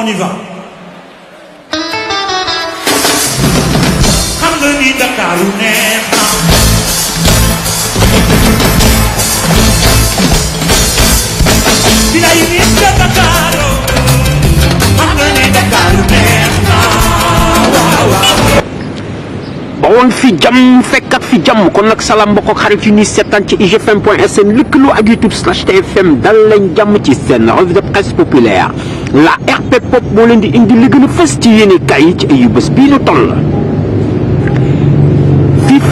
On y va. xam nga ni Dakar lu neex na. fi jàmm fekkat fi jàmm kon nag salaam mbokk ak xarit igfm point sn lëkkaloo ak youtube slash tfm dal leen jàmm ci seen de presse populaire. la RP Pop moo leen di indil li gën a fas ci yéene kaay yi ci ay yu bés bii ñu toll.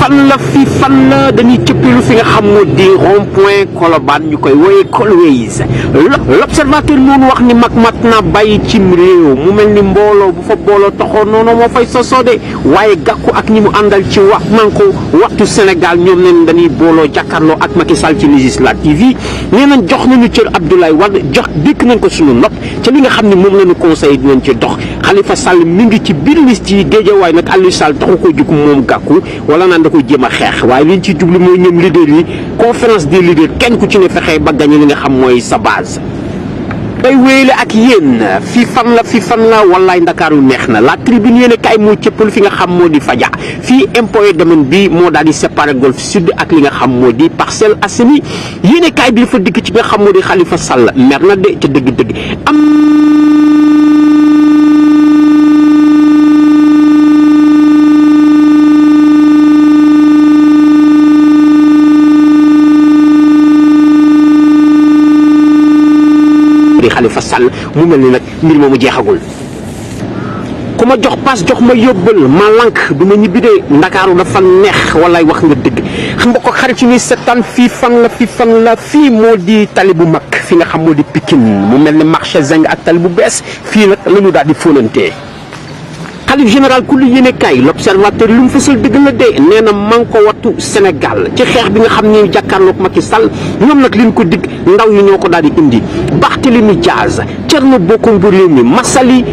fan la fi fan la dañuy cëppilu fi nga xam moo di rond point Colobane ñu koy wooyee Colways l' observateur moonu wax ni mag mat na bàyyi cim réew mu mel ni bu fa booloo taxoon noonu moo fay sosode waaye gàkku ak ñi mu àndal ci wax manko waxtu Sénégal ñoom neen dañuy booloo jàkkaarloo ak Macky Sall ci législative yi nee nañ jox nañu cër Abdoulaye Wade jox dikk nañ ko suñu nopp ci li nga xam ne moom lañu conseil dinañ ci dox Khalifa Sall mi ngi ci biir liste yi Guédiawaay nag Aliou Sall taxu ko jug moom gàkku wala naan koy jéem a xeex waaye liñ ci jublu mooy ñoom leader yi conférence des leaders kenn ku ci ne fexee ba gagné li nga xam mooy sa base. day wéyale ak yéen fi fan la fi fan la wallaay ndakaaru neex na la tribune yéen a kaay moo cëppal fi nga xam moo di faja fii impôt domaine bi moo daal di séparé golf sud ak li nga xam moo di Parcelles Assainies yéen a kaay bi dafa dikk ci nga xam moo di Khalifa Sall mer na de ca dëgg-dëgg Sall mu mel ni nag mbir moomu jeexagul. ku ma jox paas jox ma yóbbal ma lànk du ma ñibbi de ndakaaru dafa neex walaay wax nga dëgg xam nga ko xarit yi ñuy seetaan fii fan la fii fan la fii moo di tali bu mag fi nga xam moo di Pikine mu mel ni marché Zeng ak tali bu bees fii nag la daal di fóonantee xalif général kulli yéenekaay l'observateur lu mu fësal dëgg la de nee na man ko wattu Sénégal ci xeex bi nga xam ne jàkkaarloog Macky Sall ñoom nag liñ ko dig ndaw yi ñoo ko daal di indi Barthélémy Diaz Thierno Bocoum bu réew mi Massali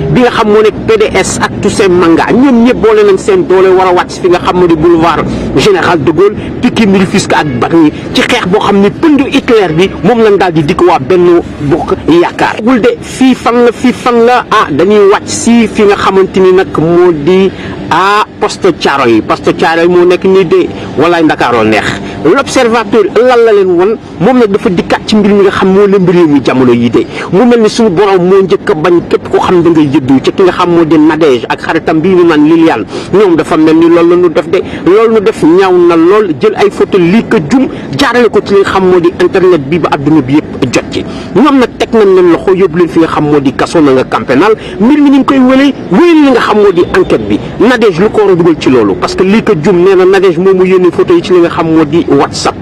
a wàcc fi nga xam ne di boulevard général de Gaulle Pikine Rufisque ak Bargny ci xeex boo xam ne pëndu Hitler bi moom lañ daal dikk waa Benno Bokk Yaakaar. wul fan la fii fan la ah dañuy wàcc si fi nga xamante ni nag moo di a ah, poste Thiaroye yi poste Thiaroye yi moo nekk nii de walaay Ndakaaru neex l'observateur lan la leen won moom nag dafa dikkaat ci mbir mi nga xam moo lëmb jamono yi mu mel ni suñu borom moo bañ képp koo xam da ngay jëddu ci ki nga xam moo di Nadège ak xaritam bii ñu naan Liliane ñoom dafa mel ni loolu la ñu def de loolu ñu def ñaaw na lool jël ay photo lii ko jum jaarale ko ci li nga xam moo di internet bi ba adduna bi yëpp jot ci ñoom nag teg nañ leen loxo yóbbu leen fi nga xam moo di kaso na nga camp pénal mbir mi ni ngi koy wëlee wëlee li nga xam moo di enquête bi Nadège lu ko war a dugal ci loolu parce que lii ko jum nee na moom mu yónnee photo yi ci li nga xam moo di whatsapp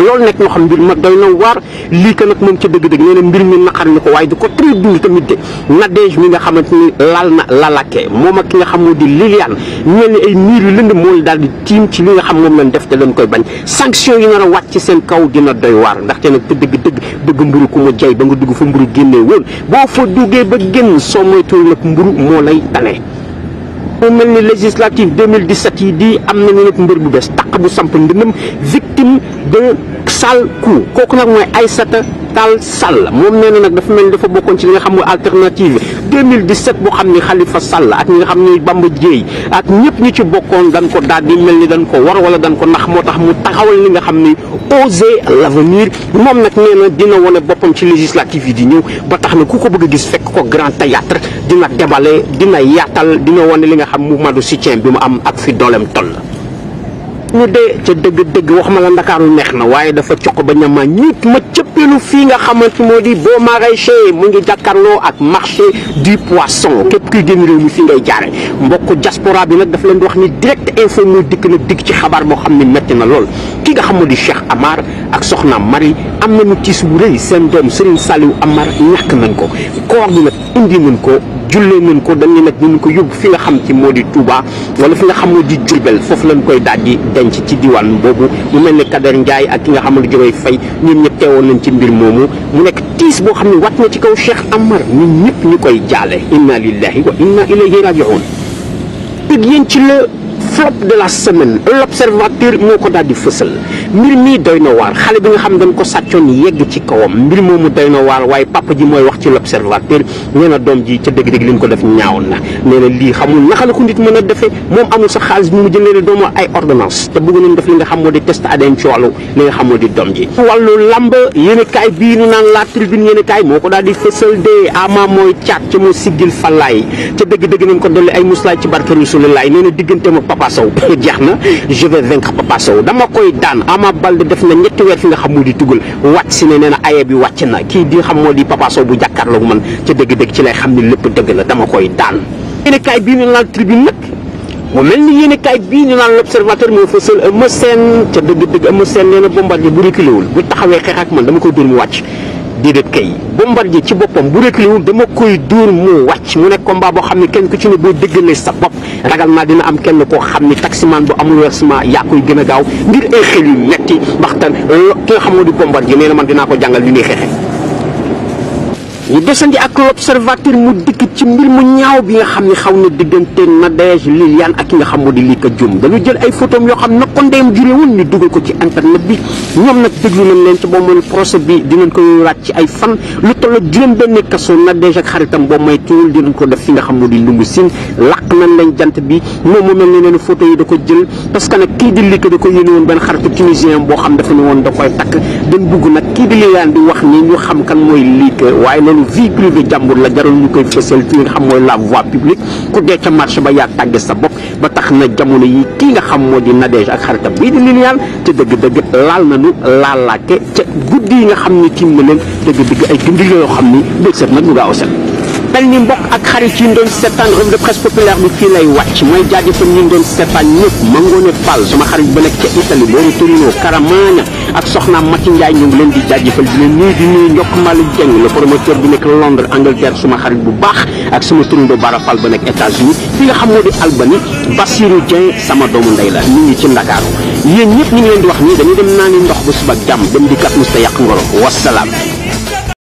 loolu nekk ñoo xam mbir ma doy na waar lii que nag moom ca dëgg-dëgg nee mbir mi naqari na ko waaye di ko très dund tamit de mi nga xamante ni laal na lalakkee moom ak ki nga xam moo di Liliane ñeel ay miir yu lënd mooy daal di tiim ci li nga xam moom lañ def te dañ koy bañ sanction yi nar a wàcc ci seen kaw dina doy waar ndaxte nag te dëgg-dëgg bëgg mburu ku mu jay ba nga dugg fa mburu génnee woon boo fa duggee ba génn soo moytuwul nag mburu moo lay tane mu mel ni législative 2017 yi di am nañu nag mbër bu bees taq bu samp ndëndëm victime de sale coup kooku nag mooy Aïssata daal Sall moom nee na nag dafa mel ni dafa bokkoon ci li nga xam mooy alternative 2017 bu xam ni Khalifa Sall ak ñi nga xam ni Bamba Dièye ak ñëpp ñu ci bokkoon dan ko daal di mel ni dan ko war wala dan ko ndax moo tax mu taxawal li nga xam ni oser l'avenir moom nag nee na dina wone boppam ci législative yi di ñëw ba tax na ku ko bëgg a gis fekk ko grand théâtre dina débale dina yaatal dina wone li nga xam mouvement si soutien bi mu am ak fi dooleem toll ñu dee ca dëgg-dëgg wax ma la ndakaaru neex na waaye dafa coq ba ñama ñiit ma cëppeelu fii nga xamante moo di boo maraîcher mu ngi jàkkarloo ak marché du poisson képp kuy génn réew mi fii ngay jaare mbokk diaspora bi nag dafa leen wax ni direct info muy dikk na dikk ci xabaar moo xam ne metti na lool ki nga xamu di Cheikh Amar ak soxna Marie am na nañu tiis wu rëy seen doom Serigne Saliou Amar ñàkk nañ ko koor bi nag indi nañ ko jullee nañ ko dañ ne nag ñu ko yóbbu fi nga xam ci moo di Touba wala fi nga xam moo di Diourbel foofu lañ koy daal di denc ci diwaan boobu mu mel ne Kader Ndiaye ak ki nga xam ne Diomaye Faye ñun ñëpp teewoon nañ ci mbir moomu mu nekk tiis boo xam ne wat na ci kaw Cheikh Amar ñun ñëpp ñu koy jaale inna lillahi wa inna ilayhi raji'un yéen ci la flop de la semaine l'observateur moo ko daal di fësal mbir mii doy na waar xale bi nga xam dañ ko sàccoon yegg ci kawam mbir moomu doy na waar waaye papa ji mooy wax ci l'observateur nee doom ji ca dëgg-dëgg li ko def ñaaw na nee lii xamul naka ko nit mën a defee moom amul sa xaalis bi mu jëlee doomu ay ordonnance te bëgg nañ def li nga xam moo di test ADN ci li nga xam moo di doom ji wàllu lamb yéen kaay naan la tribune Papa Sow jeex na je vais vaincre Papa dama koy daan Ama Baldé def na ñetti weer fi nga xam moo di tugal wàcc si ne nee na aye bi wàcc na kii di xam moo di Papa bu jàkkaarloog man ca dëgg-dëgg ci lay xam ni lépp dëgg la dama koy daan. yéenekaay bii ñu naan tribune nag mu mel ni yéenekaay bii ñu naan l'observateur moo fësal Eumeu Sène ca dëgg-dëgg Eumeu Sène nee na Bombardier bu reculé wul bu taxawee xeex ak man dama koy dóor mu wàcc. déedéet kay Bombardier ci boppam bu reculé wul dama koy dóor mu wàcc mu nekk combat boo xam ne kenn ko ci ne boo déggalee sa bopp ragal naa dina am kenn koo xam ni taximaan bu amul versement yaa koy gën a gaaw ngir ay xel yu metti mbaxtan ki nga xam moo di Bombardier nee na man dinaa ko jàngal li ñuy xeexee ñu desandi ak l'observateur mu dikk ci mbir mu ñaaw bi nga xam ni xaw na diggante Nadège Liliane ak ki nga xam moo di Lika Diom dañu jël ay photos yoo xam na ko ndeyam jure woon ñu dugg ko ci internet bi ñoom nag déglu nañ leen ci boo mooy procès bi dinañ ko laaj ci ay fan lu toll juróom benn kaso Nadège boo may ko def fi nga xam moo di lungu sin làq nañ lañ jant bi moom mu mel ne leen photo yi da ko jël parce que nag kii di Lika da ko yéene woon benn xaritu tunisien boo xam dafa ne woon da koy takk dañ bugg nag kii di Liliane di wax ni ñu xam kan mooy Lika waaye loolu vie privée jàmbur la jarul ñu koy fësal ci nga xam mooy la voie publique ku dee ca marché ba yaa tàgge sa bopp ba tax na jamono yi kii nga xam moo di Nadège ak xaritam bii di Liliane te dëgg-dëgg laal nañu laalaake ca guddi yi nga xam ne tiim na leen dëgg-dëgg ay gindi la yoo xam ni bët set nag mu gaaw a set mel ni mbokk ak xarit yi ñu doon seetaan revue populaire bi fii lay wàcc mooy jaajëfal ñu doon seetaan ñëpp Mangone Fall sama xarit ba nekk ca Italie booru Torino Caramagna ak soxnaam Mati ñu ngi leen di jaajëfal di leen nuyu di nuyu Ndiock Malick Dieng le promoteur bi nekk Londres Angleterre suma xarit bu baax ak sama turando Bara Fall ba nekk États-Unis nga xam moo di Albanie Bassirou Dieng sama doomu ndey la ñu ngi ci Ndakaaru yéen ñëpp ñu di wax nii dañuy dem naa ni ndox bu suba jàmm dem di kat musta yàq ngoro